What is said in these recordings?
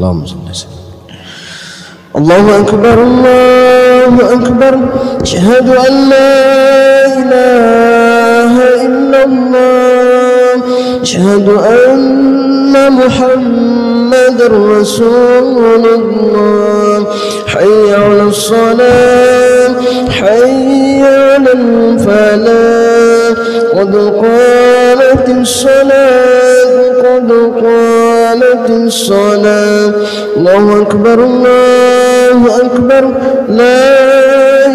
اللهم صل وسلم الله أكبر الله أكبر أشهد أن لا إله إلا الله أشهد أن محمدا رسول الله حي على الصلاة حي على الفلاح قد قامت الصلاة قامت الصلاة الله أكبر الله أكبر لا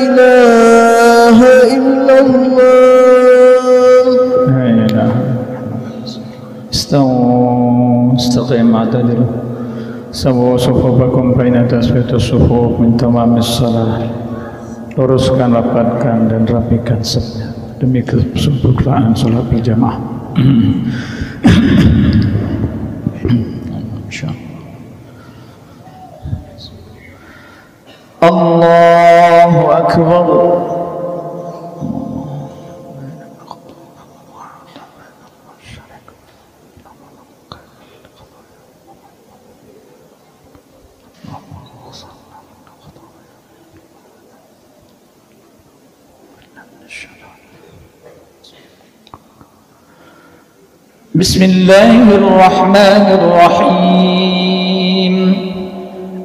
إله إلا الله لا إله استووا استقيم اعتدلوا سووا صفوفكم بين تسوية الصفوف من تمام الصلاة luruskan, rapatkan dan rapikan sepnya demi kesempurnaan sholat berjamaah. الله أكبر بسم الله الرحمن الرحيم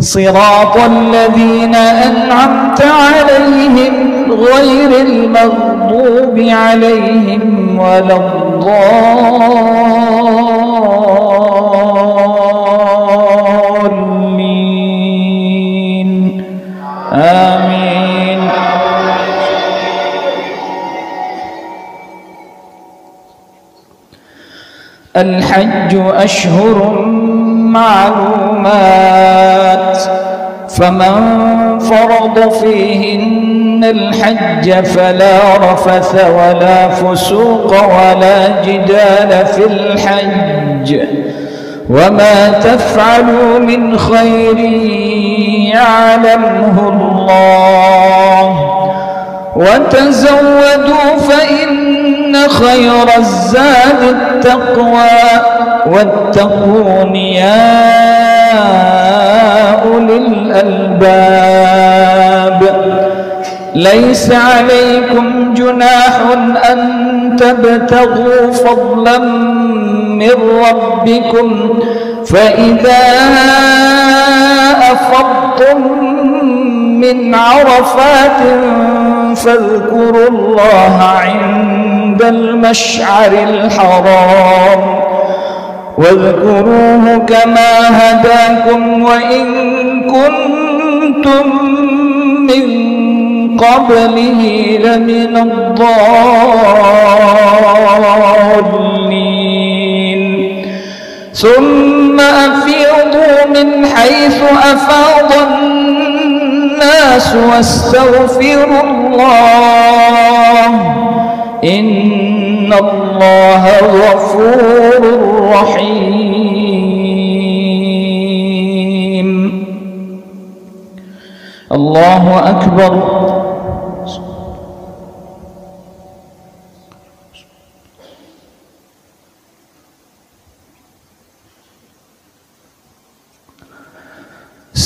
صراط الذين أنعمت عليهم غير المغضوب عليهم ولا الضالين آمين الحج أشهر معلومات فمن فرض فيهن الحج فلا رفث ولا فسوق ولا جدال في الحج وما تفعلوا من خير يعلمه الله وتزودوا فإن خير الزاد التقوى واتقون يا ليس عليكم جناح أن تبتغوا فضلا من ربكم فإذا أفضتم من عرفات فاذكروا الله عند المشعر الحرام واذكروه كما هداكم وإن كنتم من قبله لمن الضالين ثم أفيضوا من حيث أفاض الناس واستغفروا الله إن الله غفور رحيم الله أكبر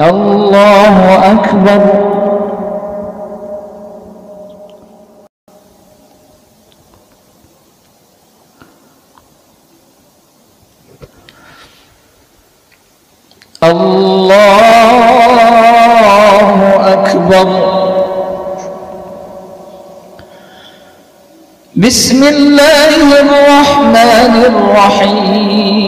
الله أكبر الله أكبر بسم الله الرحمن الرحيم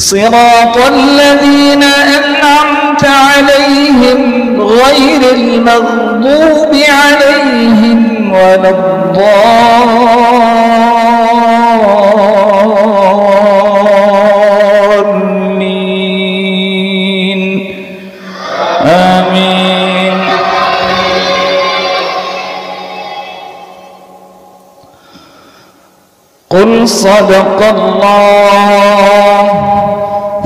صراط الذين أنعمت عليهم غير المغضوب عليهم ولا الضالين آمين قل صدق الله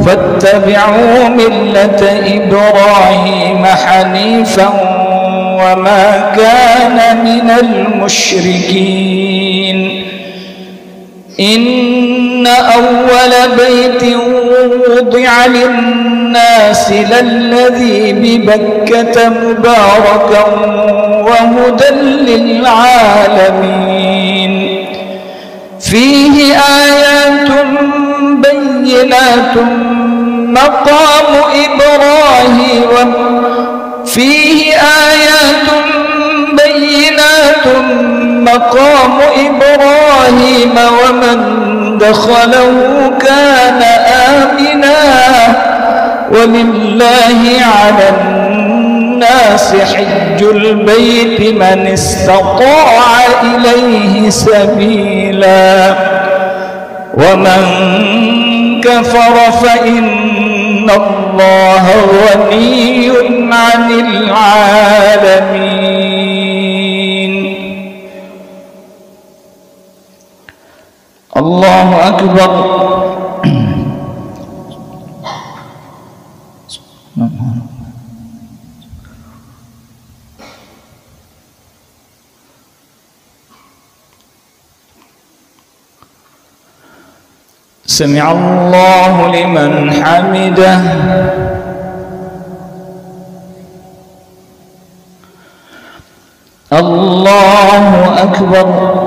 فاتبعوا ملة إبراهيم حنيفا وما كان من المشركين إن أول بيت وضع للناس للذي ببكة مباركا وهدى للعالمين فيه آيات إبراهيم فيه آيات بينات مقام إبراهيم ومن دخله كان آمنا ولله على الناس حج البيت من استطاع إليه سبيلا ومن كفر فإن إن الله غني عن العالمين الله أكبر سمع الله لمن حمده الله أكبر